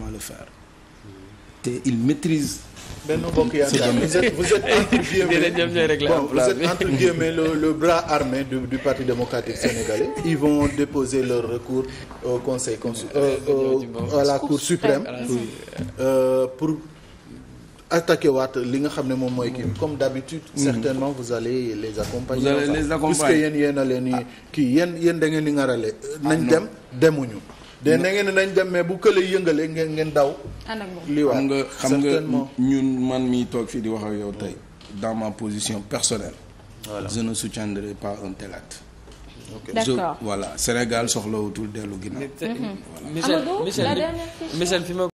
comment le faire te il maîtrise benn mbokk yaakaar vous êtes vous êtes entre guillemets bon, vous êtes entre guillemets le, le bras armé du, du parti démocratique sénégalais ils vont déposer leur recours au conseil consul euh, euh, à la cour suprême euh, pour attaqué waat li nga xam ne moom mooy kii comme d'habitude mm. certainement vous allez les accompagner. vous allez les accompagner puisque yéen yéen a leen ah. kii yéen yéen da ngeen di ngarale ah, nañ dem demuñu de na ngeen nañ dem mais bu kële yëngalee ngeen ngeen daw. ànd ak moom lii xam nga xam nga ñun man mi toog fii di wax ak yow tey dans ma position personnelle. voilà je ne soutiendrai pas un tel acte. Okay. d'accord je, voilà Sénégal soxlawutul dellu gi mhm. voilà Michel Michel fi ma.